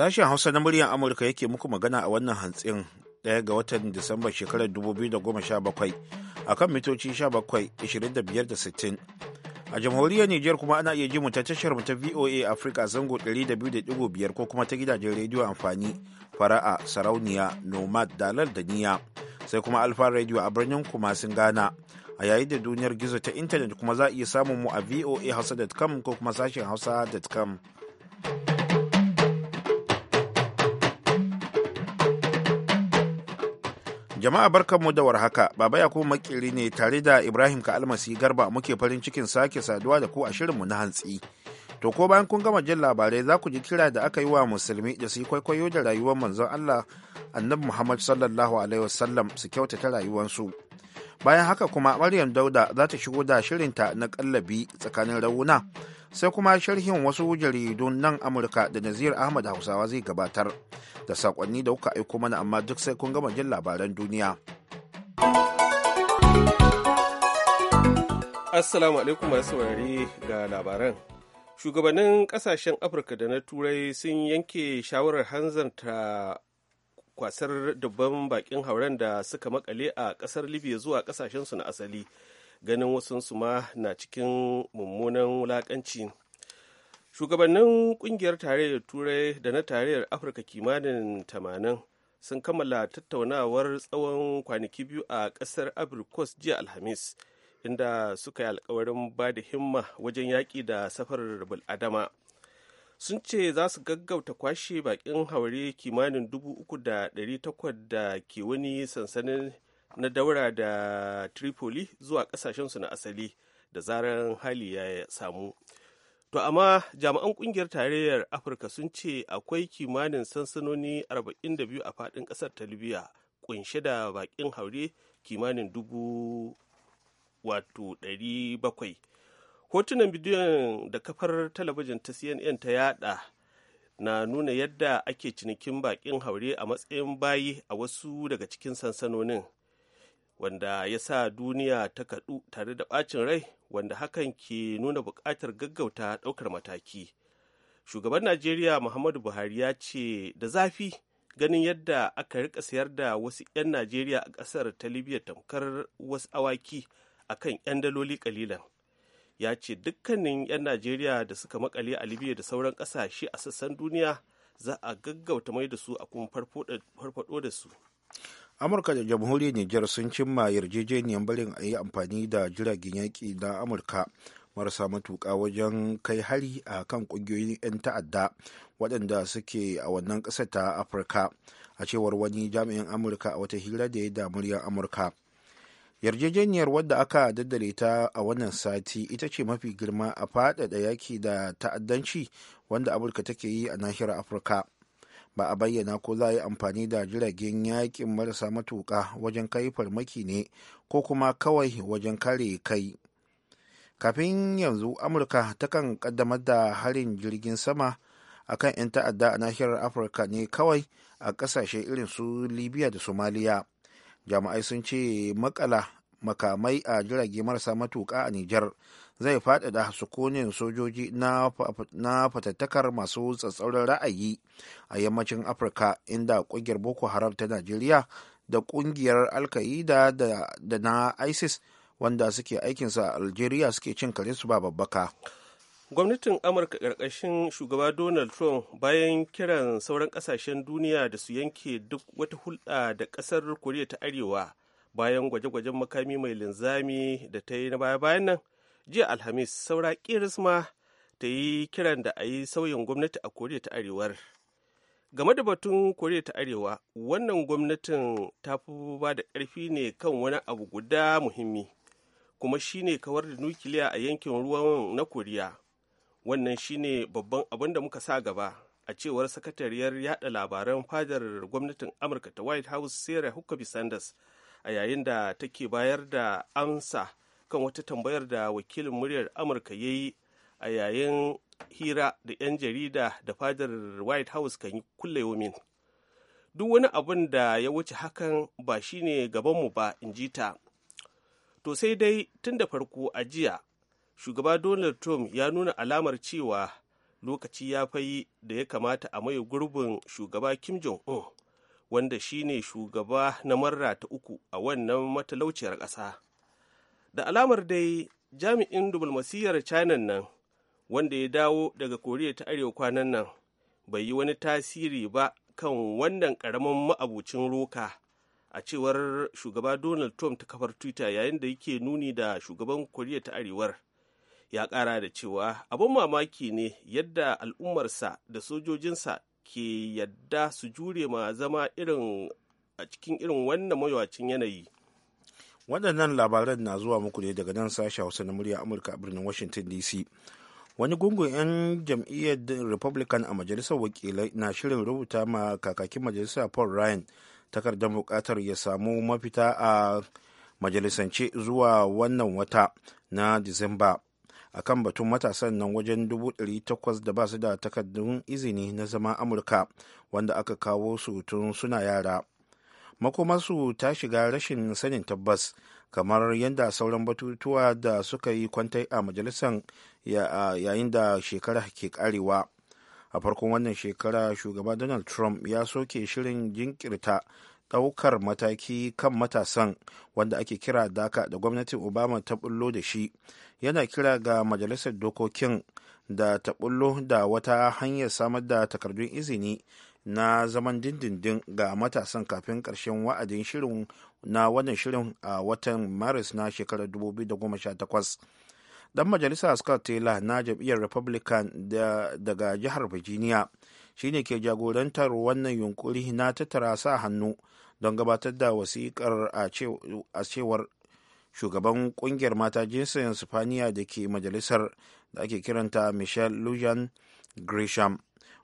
Sashen Hausa na muryar Amurka yake muku magana a wannan hantsin ɗaya ga watan Disamba shekarar 2017 a kan mitoci 17, 25 da a jamhuriyar Nijar kuma ana iya jin ta tashar mu ta VOA Africa zango 200.5 ko kuma ta gidajen rediyo amfani fara'a sarauniya nomad dalar da niya sai kuma alfa radio a birnin kuma sun gana a yayin da duniyar gizo ta intanet kuma za a iya samun mu a voa hausa.com ko kuma sashen hausa.com Jama'a barkanmu da warhaka, Baba Yakubu Makiri ne tare da Ibrahim ka almasi Garba muke farin cikin sake saduwa da ku a shirinmu na hantsi. To ko bayan kun gama jin labarai za ku ji kira da aka yi wa musulmi da su yi kwaikwayo da rayuwar manzon Allah Annabi Muhammad sallallahu alaihi wasallam su kyautata rayuwarsu. Bayan haka kuma Maryam Dauda za ta shigo da shirinta na kallabi tsakanin rauna sai kuma sharhin wasu jaridun nan amurka da nazir ahmad hausawa zai gabatar da sakonni da kuka aiko mana amma duk sai kun gama jin labaran duniya assalamu alaikum masu saurari ga labaran shugabannin kasashen afirka da na turai sun yanke shawarar hanzarta kwasar dubban bakin hauren da suka makale a kasar libya zuwa kasashensu na asali ganin wasansu ma na cikin mummunan wulakanci shugabannin kungiyar tarayyar turai da na tarayyar afirka kimanin tamanin sun kammala tattaunawar tsawon kwanaki biyu a kasar abirkos jiya alhamis inda suka yi alkawarin ba da himma wajen yaƙi da safarar bul'adama sun ce za su gaggauta kwashe bakin haure kimanin dubu uku da ɗari 3,800 da ke wani sansanin na daura da tripoli zuwa kasashensu na asali da zarar hali ya samu to amma jami'an kungiyar tarayyar afirka sun ce akwai kimanin sansanoni 42 a faɗin ƙasar ta libya kunshe da baƙin haure kimanin dubu wato 700 hotunan bidiyon da kafar talabijin ta cnn ta yada na nuna yadda ake cinikin bakin haure a matsayin bayi a wasu daga cikin sansanonin wanda ya sa duniya ta kaɗu tare da ɓacin rai wanda hakan ke nuna buƙatar gaggauta ɗaukar mataki shugaban najeriya muhammadu buhari ya ce da zafi ganin yadda aka rika sayar da wasu 'yan najeriya a ƙasar ta libya tamkar wasu awaki a kan 'yan daloli ƙalilan ya ce dukkanin 'yan najeriya da suka makale a libya da sauran ƙasashe a sassan duniya za a gaggauta mai da su a kuma farfado da su amurka da jamhuriyar nijar sun cimma yarjejeniyar barin a yi amfani da jiragen yaƙi na amurka marasa matuƙa wajen kai hari a kan ƙungiyoyin 'yan ta'adda waɗanda suke a wannan ƙasa ta afirka a cewar wani jami'in amurka a wata hira da ya da muryar amurka yarjejeniyar wadda aka daddare ta a wannan sati ita ce mafi girma a faɗaɗa yaki da ta'addanci wanda amurka take yi a nahiyar afirka ba a bayyana ko za a yi amfani da jiragen yakin marasa matuƙa wajen kai farmaki ne ko kuma kawai wajen kare kai kafin yanzu amurka takan kaddamar da harin jirgin sama a kan 'yan ta'adda a nahiyar afirka ne kawai a ƙasashe irin su libya da somaliya jama'ai sun ce makala makamai a jirage marasa matuƙa a Nijar zai faɗaɗa sukunin sojoji na fatattakar masu tsatsauran ra'ayi a yammacin Afirka inda ƙungiyar Boko Haram ta Najeriya da ƙungiyar Alka'ida da na ISIS wanda suke aikinsa a Algeria suke cin su ba babbaka. gwamnatin amurka ƙarƙashin shugaba donald trump bayan kiran sauran ƙasashen duniya da su yanke duk wata hulɗa da ƙasar koriya ta arewa bayan gwaje-gwajen makami mai linzami da ta yi na baya-bayan nan jiya alhamis saura kirisma ta yi kiran da a yi sauyin gwamnati a koriya ta arewar game da batun koriya ta arewa wannan gwamnatin ta fi ba da ƙarfi ne kan wani abu guda muhimmi kuma shine kawar da nukiliya a yankin ruwan na koriya wannan shine babban abin da muka sa gaba a cewar sakatariyar yada labaran fadar gwamnatin amurka ta white house sarah huckabee sanders a yayin da take bayar da amsa kan wata tambayar da wakilin muryar amurka ya yi a yayin hira da 'yan jarida da fadar white house kan yi kulle kullayomin duk wani abin da ya wuce hakan ba shi ne gabanmu ba in ji ta to sai dai tun da farko a jiya shugaba donald trump ya nuna alamar cewa lokaci ya fayi da ya kamata a mai gurbin shugaba kim jong un wanda shi ne shugaba na marra ta uku a wannan matalauciyar ƙasa da alamar dai jami'in dubalmasiyar china nan wanda ya dawo daga koriya ta arewa kwanan nan bai yi wani tasiri ba kan wannan ƙaramin ma'abucin roka a cewar shugaba donald trump ta kafar twitter yayin da yake nuni da shugaban koriya ta arewar ya ƙara da cewa abin mamaki ne yadda al'ummarsa da sojojinsa ke yadda su jure ma zama irin a cikin irin wannan mayawacin yanayi waɗannan labaran na zuwa muku ne daga nan sashen hausa na murya amurka a birnin washington dc wani gungun 'yan jam'iyyar republican a majalisar wakilai na shirin rubuta ma kakakin majalisa paul ryan takardar bukatar ya samu mafita a majalisance zuwa wannan wata na disamba akan batun matasan nan wajen takwas da ba su da takardun izini na zama amurka wanda aka kawo su tun suna yara makomarsu ta shiga rashin sanin tabbas kamar yadda sauran batutuwa da suka yi kwantai a majalisar yayin da shekara ke karewa a farkon wannan shekara shugaba donald trump ya soke shirin jinkirta ɗaukar mataki kan matasan wanda ake kira daka da gwamnatin obama ta bullo da shi yana kira ga majalisar dokokin da ta bullo da wata hanyar samar da takardun izini na zaman dindindin ga matasan kafin ƙarshen wa'adin shirin na wannan shirin a watan maris na shekarar 2018 dan majalisa scott taylor na jam'iyyar republican daga jihar virginia shine ke jagorantar wannan yunkuri na tattara sa hannu don gabatar da wasikar a cewar shugaban kungiyar mata jinsin sifaniya da ke majalisar da ake kiranta michelle lujan grisham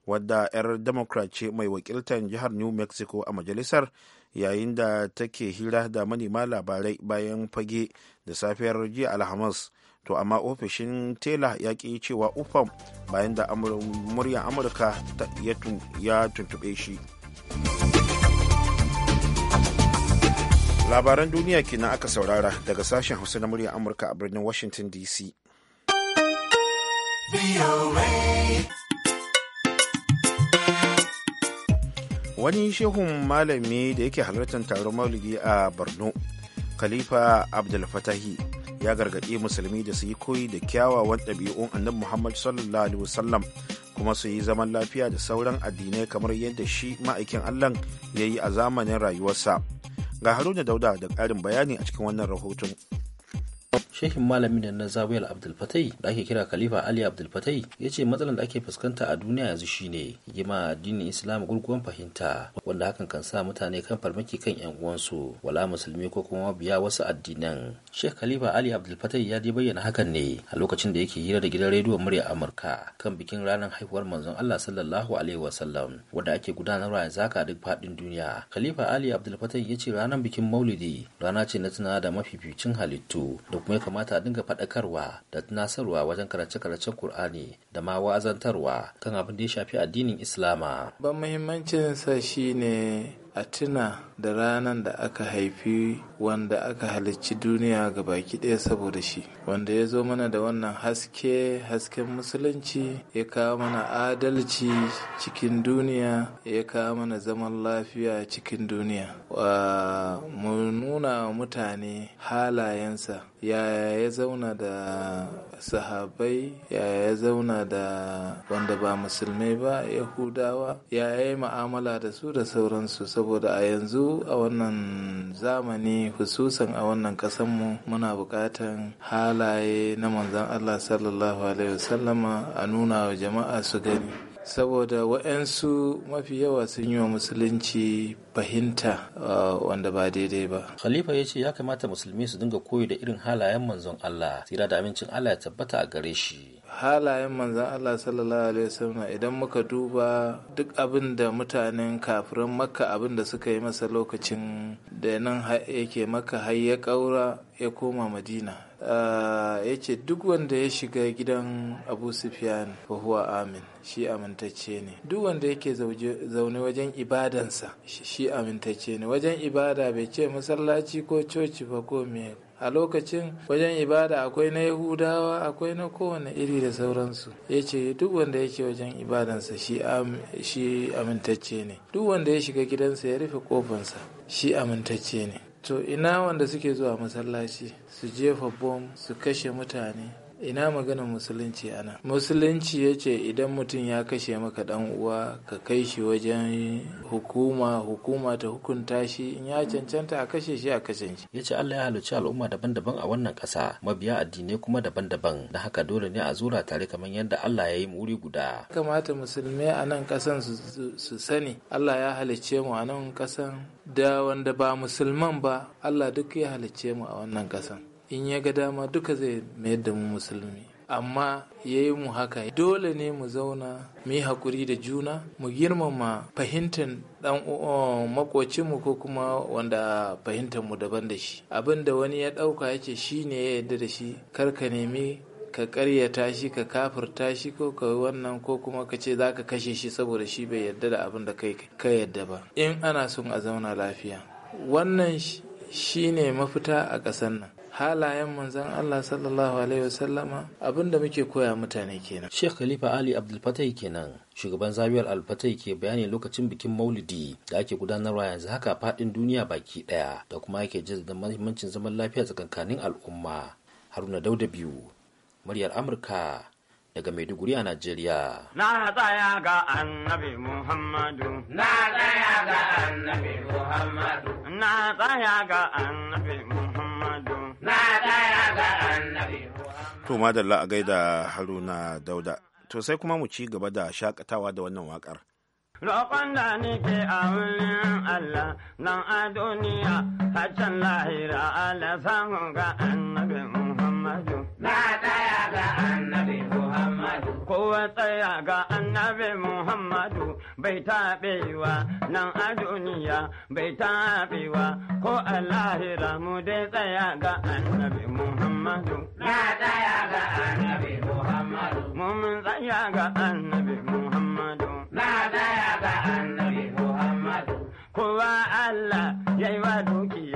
wadda 'yar democrat ce mai wakiltar jihar new mexico a majalisar yayin da take hira da manema labarai bayan fage da safiyar jiya alhamis to amma ofishin tela ya ki cewa ufam bayan da muryar amurka ya tuntube shi. labaran duniya kenan aka saurara daga sashen hausa na murya amurka a birnin washington dc wani shehun malami da yake halartar taron maulidi a borno khalifa abdulfatahi ya gargaɗi musulmi da su yi koyi da kyawawan ɗabi'un annabi muhammad sallallahu alaihi wasallam kuma su yi zaman lafiya da sauran addinai kamar yadda shi ma'aikin allah ya yi a zamanin rayuwarsa Ga Haruna Dauda da ƙarin bayani a cikin wannan rahoton. Shehin malamin da na Zabiyar Abdulfatai da ake kira Khalifa Ali Abdulfatai ya ce matsalar da ake fuskanta a duniya yanzu shine gima addinin Islam gurguwan fahimta wanda hakan kan sa mutane kan farmaki kan yan uwansu wala musulmi ko kuma biya wasu addinan. Sheikh Khalifa Ali Abdulfatai ya dai bayyana hakan ne a lokacin da yake hira da gidan rediyon murya Amurka kan bikin ranar haihuwar manzon Allah sallallahu alaihi wasallam wanda ake gudanarwa yanzu haka duk faɗin duniya. Khalifa Ali Abdulfatai ya ce ranar bikin Maulidi rana ce na tunawa da mafificin halittu da kuma ya kamata a dinga faɗakarwa da tunasarwa wajen karance-karancen Kur'ani da ma wa'azantarwa kan abin da ya shafi addinin Islama. Ban muhimmancin sa shine a tuna da ranar da aka haifi wanda aka halicci duniya ga baki ɗaya saboda shi wanda ya zo mana da wannan haske hasken musulunci ya kawo mana adalci cikin duniya ya kawo mana zaman lafiya cikin duniya Wa mu nuna mutane halayensa yaya ya zauna da sahabai yaya ya zauna da wanda ba musulmai ba yahudawa yaya ya yi ma'amala da su da sauransu saboda a yanzu a wannan zamani hususan a wannan kasanmu muna buƙatan halaye na manzan Allah sallallahu alaihi wasallama a nuna wa jama'a su gani saboda wa'yansu mafi yawa sun yi wa musulunci fahimta uh, wanda ba daidai ba. Khalifa ya ce ya kamata musulmi su dinga koyi da irin halayen manzon Allah, tsira da amincin Allah ya tabbata a gare shi. halayen manzan Allah sallallahu alaihi wasallam idan muka duba duk abin da mutanen kafiran makka abin da suka yi masa lokacin da nan yake maka har ya kaura ya koma madina ah, ya ce duk wanda ya shiga gidan abu sufyan huwa amin shi amintacce ne duk wanda yake zaune wajen ibadansa shi amintacce ne wajen ibada bai ce masallaci ko coci ba ko me a lokacin wajen ibada akwai na yahudawa akwai na kowane iri da sauransu ya ce duk wanda yake wajen ibadansa shi amintacce ne duk wanda ya shiga gidansa ya rufe kofansa shi amintacce ne to ina wanda suke zuwa masallaci su jefa bom su kashe mutane ina magana musulunci ana musulunci ya ce idan mutum ya kashe maka dan uwa ka kai shi wajen hukuma hukuma ta hukunta shi in ya cancanta a kashe shi a kashe shi ya ce allah ya halicci al'umma daban-daban a wannan ƙasa mabiya addinai kuma daban-daban da haka dole ne a zura tare kamar yadda allah ya yi muri guda kamata musulmai a nan ƙasan su sani allah ya halicce mu a nan ƙasan da wanda ba musulman ba allah duk ya halicce mu a wannan ƙasan in ya ga dama duka zai mayar da mu musulmi amma ya yi mu haka dole ne mu zauna mu yi haƙuri da juna mu girmama fahimtar dan makocinmu ko kuma wanda fahimtar mu daban da shi abin da wani ya ɗauka ya ce shi ne ya yarda da shi kar ka nemi ka karyata shi ka kafirta shi ko ka wannan ko kuma ka ce za ka kashe shi saboda shi bai yarda da abin da kai ka yarda ba in ana son a zauna lafiya wannan shi ne mafita a ƙasar nan halayen manzon Allah sallallahu alaihi wasallama abinda muke koya mutane kenan Sheikh Khalifa Ali Abdul Fatai kenan shugaban Al-Fatai ke bayani lokacin bikin maulidi da ake gudanarwa yanzu haka fadin duniya baki daya da kuma ake jaddada muhimmancin zaman lafiya tsakankanin al'umma haruna dauda biyu muryar amurka daga maiduguri a najeriya na tsaya ga annabi muhammadu na tsaya ga annabi muhammadu na tsaya ga annabi muhammadu To madalla a gaida Haruna Dauda. To sai kuma mu ci gaba da shakatawa da wannan wakar. Roƙon da nake a wurin Allah nan a duniya haccan lahira Allah samun ga annabi Muhammadu. Na ɗaya ga annabi kowa tsaya ga annabi Muhammadu bai taɓewa nan a duniya bai taɓewa ko a lahira mu dai tsaya ga annabi Muhammadu. Na tsaya ga annabi Muhammadu. Mun tsaya ga annabi Muhammadu. Na tsaya ga annabi Muhammadu. Kowa Allah ya yi wa dukiya.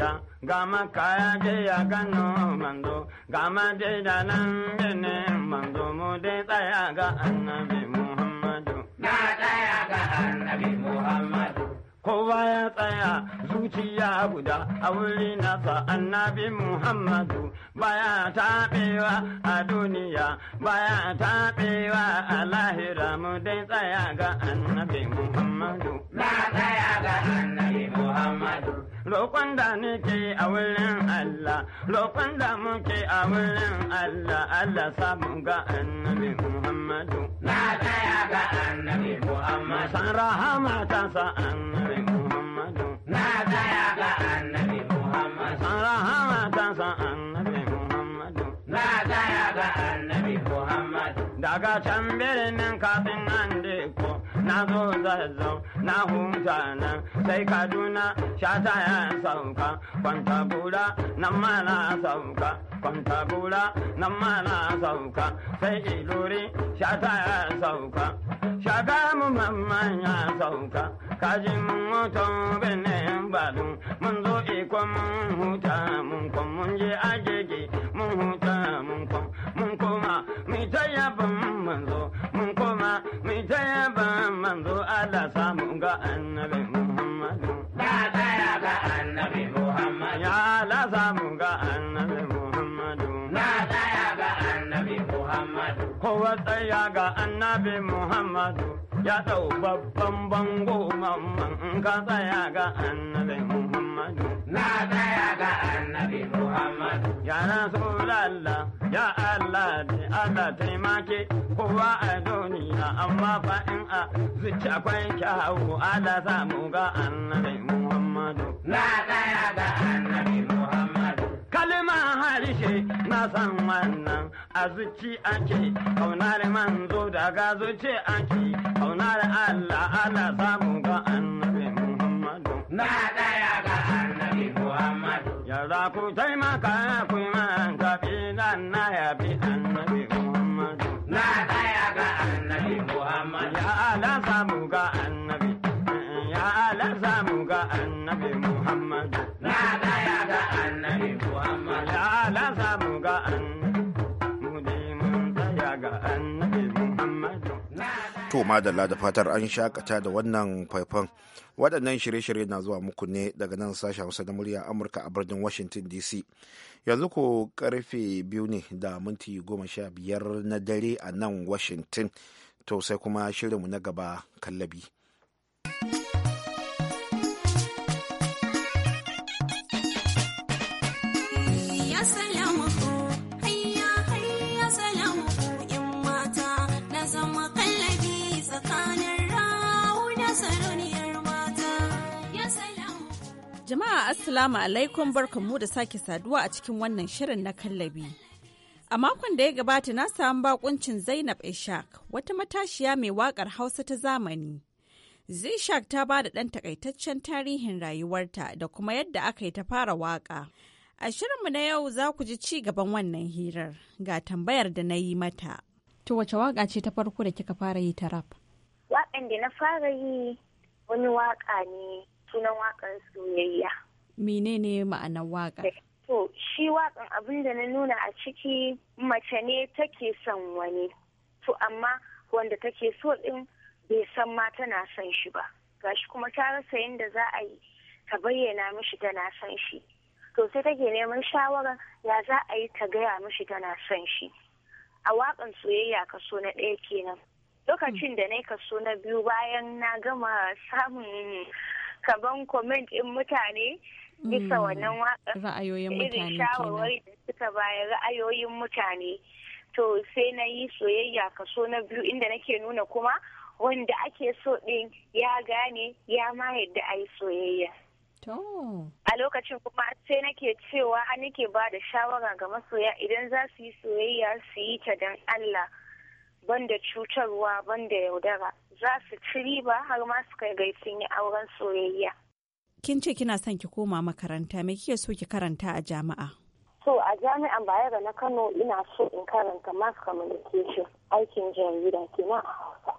gama kaya je ya gano manzo gama je da nan bene manzo mu dai tsaya ga annabi muhammadu na tsaya ga annabi muhammadu kowa ya tsaya zuciya guda a wuri nasa annabi muhammadu baya taɓewa a duniya baya taɓewa a lahira mu dai tsaya ga annabi muhammadu na tsaya ga annabi muhammadu roƙon da nake a wurin Allah, roƙon da muke a wurin Allah, Allah samu ga annabi Muhammadu. Na tsaya ga annabi Muhammadu. San rahama ta sa annabi Muhammadu. Na tsaya ga annabi Muhammadu. San rahama ta sa annabi Muhammadu. Na tsaya ga annabi Muhammadu. Daga can birnin kafin na zo zazzau na huta nan sai kaduna shata ya sauka kwanta gura nan ma na sauka kwanta gura ma na sauka sai ilori shata ya sauka shaka mu mamman ya sauka kaji mun mutu bane balu mun zo ikon mun huta mun kwan mun je ajeje mun huta mun kwan mun koma mi ta mun zo ban manzo Allah samu ga annabi Muhammadu. Ya ga annabi Muhammadu. Ya Allah samu ga annabi Na ga annabi Kowa tsaya ga annabi Muhammadu. Ya ɗau babban bango mamman ka tsaya ga annabi Muhammadu. na tsaya ga annabi Muhammadu. Ya Rasulallah, ya Allah da Allah taimake kowa a duniya amma fa in a zuci akwai kyawu Allah samu ga annabi Muhammadu. Na tsaya ga annabi Muhammadu. Kalima harshe na san wannan a zuci ake kaunar manzo daga zuci ake kaunar Allah Allah samu ga annabi Muhammadu. Na za ku taimaka ku man kabilan na yabi annabi Muhammadu. Na tsaya ga annabi Muhammadu. Ya ala samu ga annabi. Ya ala samu ga annabi Muhammadu. Na tsaya ga annabi Muhammadu. Ya ala samu ga annabi. Mu mun tsaya ga annabi Muhammadu. To madalla da fatar an shakata da wannan faifan. Waɗannan shirye-shirye na zuwa muku ne daga nan sashen Hausa da murya Amurka a birnin Washington DC. Yanzu ko karfe biyu ne da minti goma sha biyar na dare a nan Washington. To sai kuma shirinmu na gaba kallabi. Jama'a Assalamu alaikum barkanmu da sake saduwa a cikin wannan shirin na kallabi. A makon da ya gabata na samu bakuncin Zainab Ishaq wata matashiya mai waƙar Hausa ta zamani. Zishak ta ba da ɗan takaitaccen tarihin rayuwarta da kuma yadda aka yi ta fara waƙa. A shirinmu na yau za ku ji ci gaban wannan hirar ga tambayar da na yi mata. To wace waƙa ce ta farko da kika fara yi ta rap? Waƙan da na fara yi wani waƙa ne sunan waƙar soyayya. Menene ma'anar waka? Eh, to, shi waƙan abin da na nuna a ciki mace ne take son wani. To, amma wanda take so ɗin bai san ma tana son shi ba. Gashi kuma ta rasa yadda za a yi ta bayyana mishi tana son shi. To, sai take neman shawara ya za a yi ta gaya mishi tana son shi. A waƙan soyayya kaso na ɗaya kenan. Lokacin da na kaso na biyu bayan na gama samun kaban ban comment in mutane bisa hmm. wannan waka ra'ayoyin mutane irin shawarwari da suka bayar ra'ayoyin mutane to sai na yi soyayya kaso na biyu inda nake nuna kuma wanda ake so din ya gane ya ma yadda a yi soyayya a lokacin kuma sai nake cewa nake ba da shawara ga masoya idan za su yi soyayya su yi ta don Allah banda cutarwa banda yaudara za su ci riba har ma su kai gaisun yi auren soyayya. Kin ce kina son ki koma makaranta me kike so ki karanta a jami'a? So a jami'an Bayero na Kano ina so in karanta mass communication aikin jarida kenan a Hausa.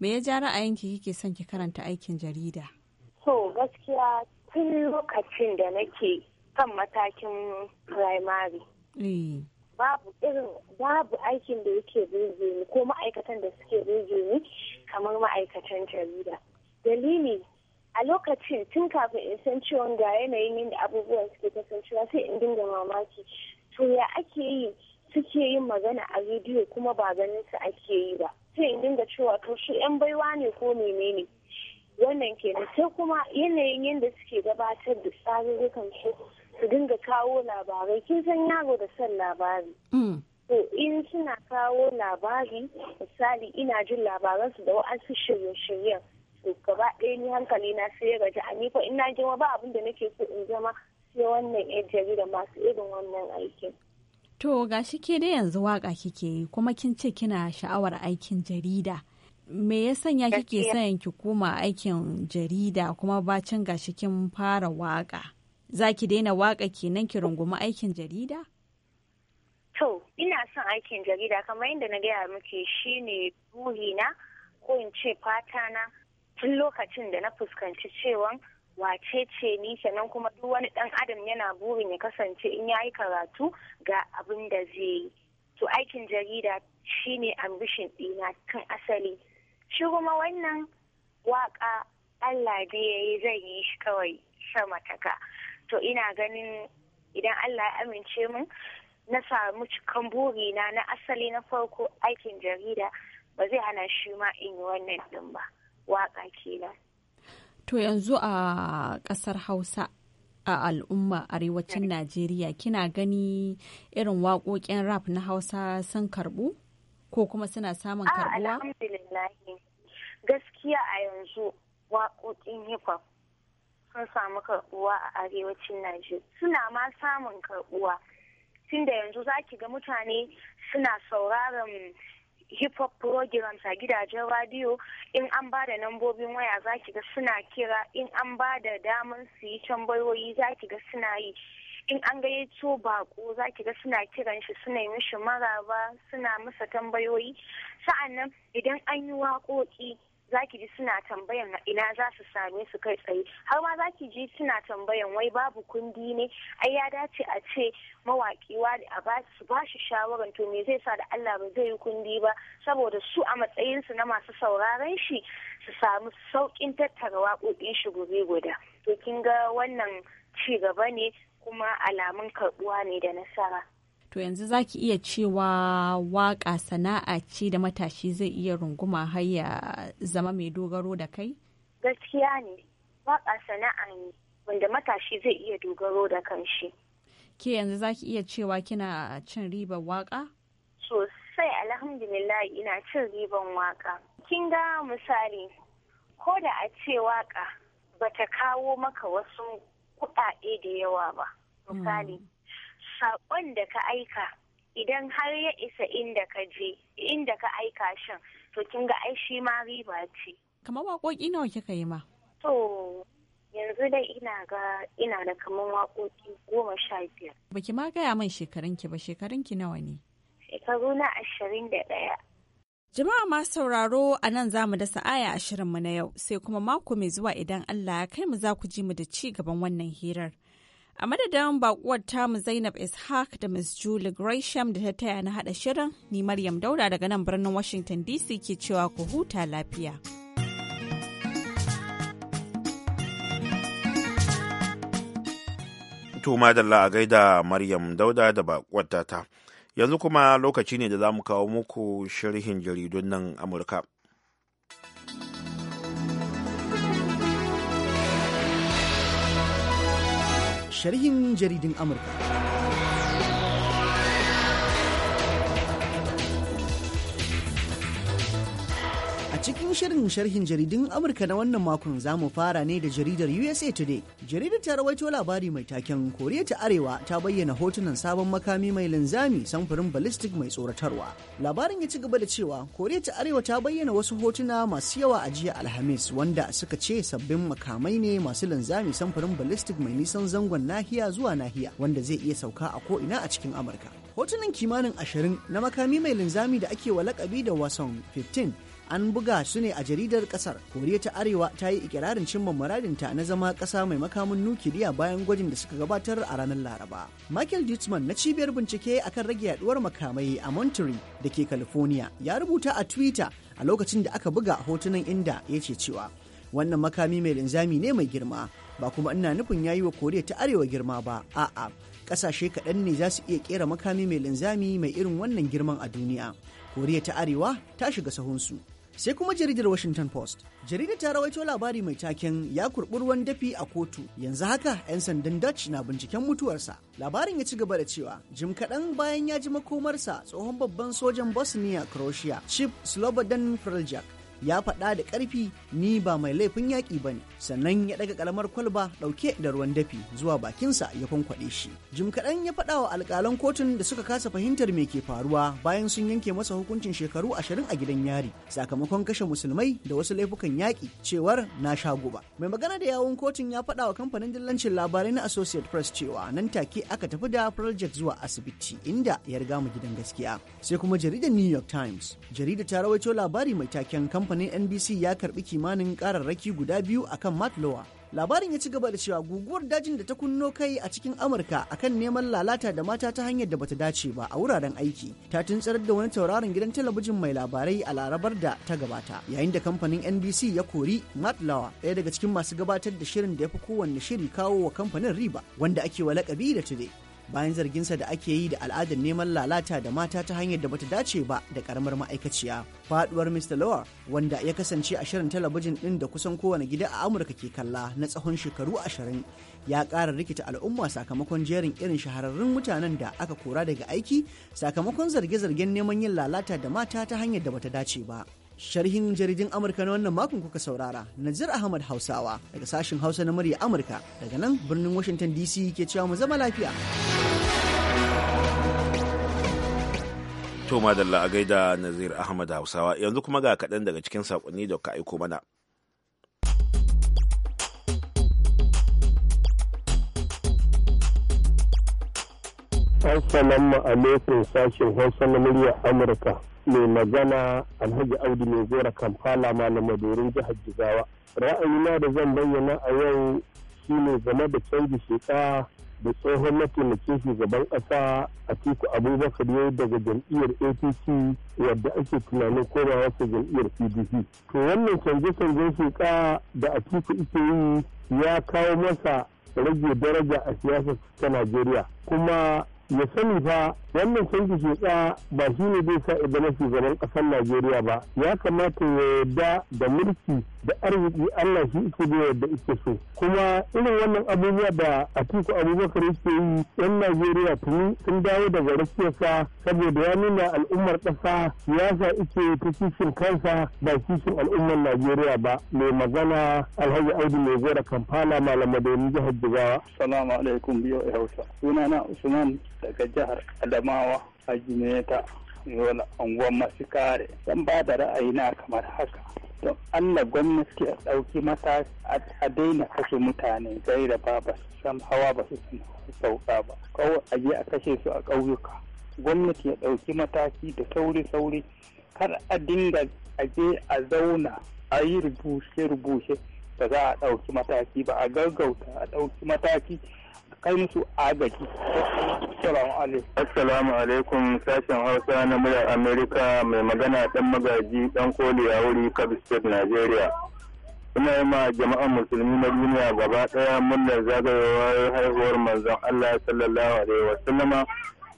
Me ya ja ra'ayinki kike son ki karanta aikin jarida? So gaskiya tun lokacin da nake kan matakin primary. Eh. babu irin babu aikin da yake burge ni ko ma'aikatan da suke burge ni kamar ma'aikatan jarida dalili a lokacin tun kafin in san ciwon ga yanayin yadda abubuwan suke kasancewa sai in dinga mamaki to ya ake yi suke yin magana a rediyo kuma ba ganin su ake yi ba sai in dinga cewa to shi yan baiwa ne ko menene wannan kenan sai kuma yanayin yadda suke gabatar da tsarurrukan su su dinga kawo labarai kin san yaro da son labari mm. to in suna kawo labari misali ina jin labaransu da wa'ansu shirye-shiryen to gaba ɗaya ni hankali na sai ya gaji a ni ko in na girma ba abin da nake so in zama sai wannan yan jarida masu irin wannan aikin to ga shi ke dai yanzu waka kike yi kuma kin ce kina sha'awar aikin jarida me ya sanya kike son ki koma aikin jarida kuma bacin gashi kin fara waka za ki daina waƙa kenan ki rungumi aikin jarida? To, ina son aikin jarida kamar yadda na gaya shi shine burina ko in ce fata na tun lokacin da na fuskanci cewan wace ce ni sannan kuma duk wani dan adam yana burin ya kasance in yayi karatu ga abin da zai yi to aikin jarida shine ambishin ɗina tun asali shi kuma wannan waka Allah da ya yi zai yi shi kawai sama taka to ina ganin idan allah ya amince mun na samu cikan buri na na asali na farko aikin jarida ba zai hana shi ma in yi wannan din ba waka kenan to yanzu a kasar hausa a al'umma arewacin najeriya kina gani irin waƙoƙin rap na hausa sun karbu ko kuma suna samun ah, karbuwa gaskiya a yanzu waƙoƙin hip hop sun samu karbuwa a arewacin Najeriya suna ma samun karbuwa tun da yanzu za ki ga mutane suna sauraron hip hop programs a gidajen radio in an ba da nambobin waya za ki ga suna kira in an ba da damar su yi tambayoyi za ki ga suna yi in an gayyato bako za ki ga suna kiran shi suna yi mishi maraba suna masa tambayoyi sa'annan idan an yi waƙoƙi za ki ji suna tambayan ina za su same su kai tsaye har ma za ki ji suna tambayan wai babu kundi ne ai ya dace a ce mawaki a ba su ba shi shawaran to me zai sa da Allah ba zai yi kundi ba saboda su a matsayinsu na masu sauraron shi su samu saukin tattara waƙoƙin shi gobe guda to kin ga wannan ci gaba ne kuma alamun karɓuwa ne da nasara to yanzu za ki iya cewa waƙa sana'a ce da matashi zai iya runguma har ya zama mai dogaro da kai? Gaskiya ne, waƙa sana'a ne wanda matashi zai iya dogaro da kanshi. Ke yanzu za ki iya cewa kina cin ribar waƙa? Sosai alhamdulillah ina cin ribar waƙa. Kin ga misali, ko da a ce waƙa bata kawo maka wasu kuɗaɗe da yawa ba. Mm. Misali, mm. saƙon da ka aika idan har ya isa inda ka je inda ka aika shin to kin ga ai shi ma riba ce kamar waƙoƙi nawa kika yi ma to yanzu dai ina ga ina da kamar waƙoƙi goma sha biyar baki ma gaya min shekarunki ba shekarunki nawa ne shekaru na ashirin da ɗaya Jama'a ma sauraro a nan za mu dasa aya ashirinmu na yau sai kuma mako mai zuwa idan Allah ya kai mu za ku ji mu da ci gaban wannan hirar. A madadin bakuwar tamu Zainab Ishaq da ms Julie Gresham da ta taya na haɗa shirin, ni Maryam Dauda daga nan birnin Washington DC ke cewa ku huta lafiya. To madalla a gaida Maryam Dauda da bakuwar ta. Yanzu kuma lokaci ne da za mu kawo muku sharhin jaridun nan Amurka. sharhin jaridin Amurka. cikin shirin sharhin jaridun Amurka na wannan makon za mu fara ne da jaridar USA Today. Jaridar ta rawaito labari mai taken Koriya ta Arewa ta bayyana hotunan sabon makami mai linzami samfurin ballistic mai tsoratarwa. Labarin ya ci gaba da cewa Koriya ta Arewa ta bayyana wasu hotuna masu yawa a jiya Alhamis wanda suka ce sabbin makamai ne masu linzami samfurin ballistic mai nisan zangon nahiya zuwa nahiya wanda zai iya sauka a ko ina a cikin Amurka. Hotunan kimanin ashirin na makami mai linzami da ake wa lakabi da wasan 15 an buga su ne a jaridar kasar koriya ta arewa ta yi ikirarin cimma muradinta na zama kasa mai makamin nukiliya bayan gwajin da suka gabatar a ranar laraba michael dutzman na cibiyar bincike akan rage yaduwar makamai a monterey da ke california ya rubuta a twitter a lokacin da aka buga hotunan inda ya ce cewa wannan makami mai linzami ne mai girma ba kuma ina nufin ya yi wa koriya ta arewa girma ba a'a kasashe kaɗan ne za su iya kera makami mai linzami mai irin wannan girman a duniya koriya ta arewa ta shiga sahunsu sai kuma jaridar washington post jaridar ta rawaito labari mai taken ya kurɓi ruwan dafi a kotu yanzu haka 'yan sandan dutch na binciken mutuwarsa labarin ya ci gaba da cewa jim kaɗan bayan ya ji makomarsa tsohon babban sojan bosnia croatia chief slobodan Praljak ya faɗa da ƙarfi ni ba mai laifin yaƙi ba ne sannan ya ɗaga ƙaramar kwalba ɗauke da ruwan dafi zuwa bakinsa ya kwankwaɗe shi jim kaɗan ya faɗa wa alƙalan kotun da suka kasa fahimtar me ke faruwa bayan sun yanke masa hukuncin shekaru ashirin a gidan yari sakamakon kashe musulmai da wasu laifukan yaƙi cewar na sha guba mai magana da yawun kotun ya faɗa wa kamfanin dillancin labarai na associate press cewa nan take aka tafi da project zuwa asibiti inda ya riga mu gidan gaskiya sai kuma jaridar new york times jarida ta rawaito labari mai taken kamfanin kamfanin NBC ya karbi kimanin kararraki guda biyu akan Matt Lower. Labarin ya ci gaba da cewa guguwar dajin da ta kunno kai a cikin Amurka akan neman lalata da mata ta hanyar da bata dace ba a wuraren aiki ta tuntsar da wani tauraron gidan talabijin mai labarai a larabar da ta gabata yayin da kamfanin NBC ya kori Matt Lauer ɗaya daga cikin masu gabatar da shirin da ya fi kowanne shiri kawo wa kamfanin riba wanda ake wa lakabi da Today. bayan zarginsa da ake yi da al'adar neman lalata da mata ta hanyar da bata dace ba da karamar ma'aikaciya faduwar mr lower wanda ya kasance a shirin talabijin din da kusan kowane gida a amurka ke kalla na tsawon shekaru ashirin ya ƙara rikita al'umma sakamakon jerin irin shahararrun mutanen da aka kora daga aiki sakamakon zarge-zargen neman yin lalata da mata ta hanyar da bata dace ba sharhin jaridin Amurka na wannan makon kuka saurara Nazir Ahmad Hausawa daga sashen Hausa na murya Amurka daga nan birnin Washington DC ke cewa mu zama lafiya. To madalla a gaida Nazir Ahmad Hausawa yanzu kuma ga kaɗan daga cikin saƙonni da ka aiko mana. Assalamu alaikum sashen Hausa na murya Amurka. mai magana alhaji audu mai gora kamfala na Madorin jihar jigawa ra'ayina da zan bayyana a yau shine game da canji shekara da tsohon mataimakin shugaban ƙasa a tiku abubakar yau daga jam'iyyar apc wadda ake tunanin komawa ta jam'iyyar pdp to wannan canje-canjen sheka da a tiku ike yi ya kawo masa rage daraja a siyasar ta najeriya kuma ya sani fa wannan canji sheka ba shi ne zai sa idan shugaban ƙasar najeriya ba ya kamata ya yarda da mulki da arziki allah shi ike da yadda ike so kuma irin wannan abubuwa da atiku abubakar yake yi yan najeriya tuni sun dawo daga rikiyarsa saboda ya nuna al'ummar ƙasa siyasa ike ta kishin kansa ba kishin al'ummar najeriya ba mai magana alhaji audu mai gora kamfana malamai da jihar jigawa alaikum biyo hausa sunana usman daga jihar Adamawa a Jimeta Yola unguwar masu kare. Zan ba da ra'ayi na kamar haka. Don Allah gwamnati a ɗauki mataki a daina kashe mutane sai da ba su san hawa ba su san sauka ba. Kawai a je a kashe su a ƙauyuka. Gwamnati ya ɗauki mataki da sauri-sauri kar a dinga a je a zauna a yi rubuce-rubuce da za a ɗauki mataki ba a gaggauta a ɗauki mataki kai musu agaji assalamu alaikum sashen hausa na mura amerika mai magana dan magaji dan koli a wuri kabi state nigeria ina yi ma jama'an musulmi na duniya gaba daya murnar zagayowar haihuwar manzon allah sallallahu alaihi sallama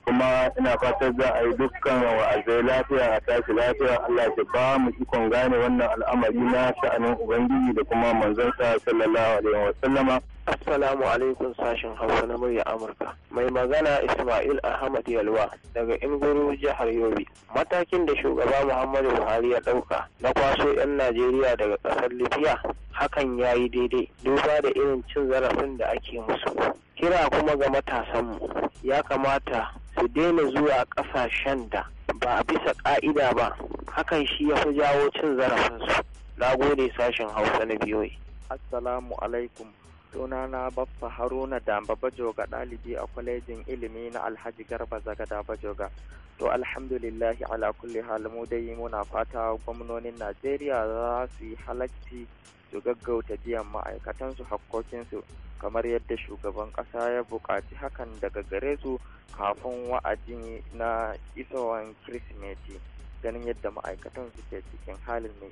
kuma ina fatar za a yi dukkan wa'azai lafiya a tashi lafiya Allah ya ba mu ikon gane wannan al'amari na sha'anin ubangiji da kuma manzon sa sallallahu alaihi wa sallama Assalamu alaikum sashen Hausa na murya Amurka. Mai magana Ismail Ahmad Yalwa daga Inguru jihar Yobe. Matakin da shugaba Muhammadu Buhari ya ɗauka na kwaso 'yan Najeriya daga ƙasar Libya hakan ya yi daidai duba da irin cin zarafin da ake musu. kira kuma ga matasanmu ya kamata su daina zuwa ƙasashen da ba a bisa ƙa'ida ba hakan shi ya fi jawo cin zarafin su. na gode sashen hausa na biyoyi assalamu alaikum suna na baffa haruna damba bajoga dalibi a kwalejin ilimi na alhaji garba zagada bajoga to alhamdulillahi ala kulli mu dai muna fata gwamnonin najeriya za su yi halacci su gaggauta biyan ma'aikatansu hakkokinsu kamar yadda shugaban ƙasa ya buƙaci hakan daga gare su kafin wa'adi na isowan kirsimeti ganin yadda ma'aikatan suke cikin halin mai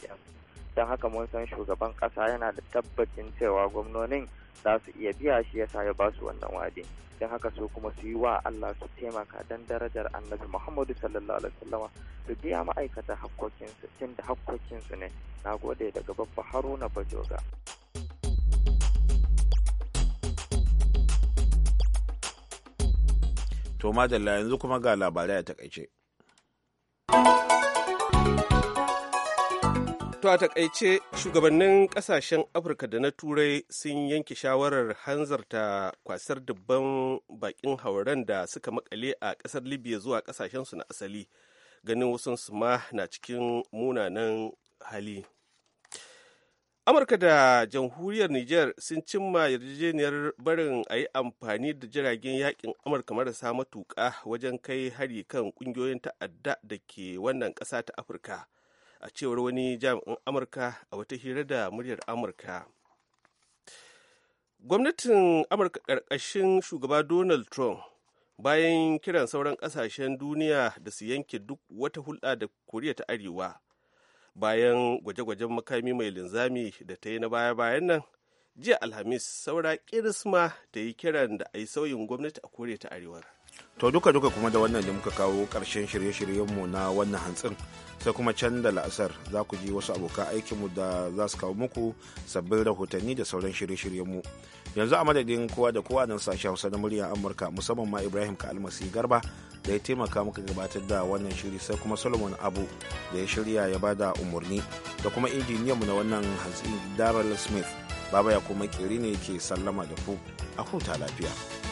don haka mun san shugaban kasa yana da tabbacin cewa gwamnonin za su iya biya shi ya ya ba su wannan wadi don haka su kuma su yi wa Allah su taimaka don darajar annabi Muhammadu sallallahu alaihi wasallama su biya ma'aikata hakkokinsu tun da hakkokinsu ne na gode daga babba haruna bajoga. To madalla yanzu kuma ga labarai a takaice. To a takaice shugabannin kasashen Afirka da na Turai sun yanke shawarar hanzarta kwasar dubban bakin hauren da suka makale a kasar Libya zuwa kasashensu na asali ganin wasu ma na cikin munanan hali. Amurka da jamhuriyar Nijar sun cimma yarjejeniyar barin a yi amfani da jiragen yakin Amurka marasa matuƙa wajen kai hari kan ƙungiyoyin ta'adda da ke wannan ƙasa ta Afirka. a cewar wani jami'in amurka a wata hira da muryar amurka gwamnatin amurka ƙarƙashin shugaba donald trump bayan kiran sauran ƙasashen duniya da su yanke duk wata hulɗa da koriya ta arewa bayan gwaje-gwajen makami mai linzami da ta yi na baya-bayan nan jiya alhamis saura kirisma ta yi kiran da a yi sauyin gwamnati a koriya ta arewa to duka duka kuma da wannan da muka kawo ƙarshen shirye-shiryenmu na wannan hantsin sai kuma can da la'asar za ku ji wasu abokan aikinmu da za su kawo muku sabbin rahotanni da sauran shirye-shiryenmu yanzu a madadin kowa da kowa nan sashen hausa na muryar amurka musamman ma ibrahim ka almasi garba da ya taimaka muka gabatar da wannan shiri sai kuma solomon abu da ya shirya ya ba da umarni da kuma mu na wannan hantsi daryl smith baba ya kuma kiri ne ke sallama da ku a huta lafiya.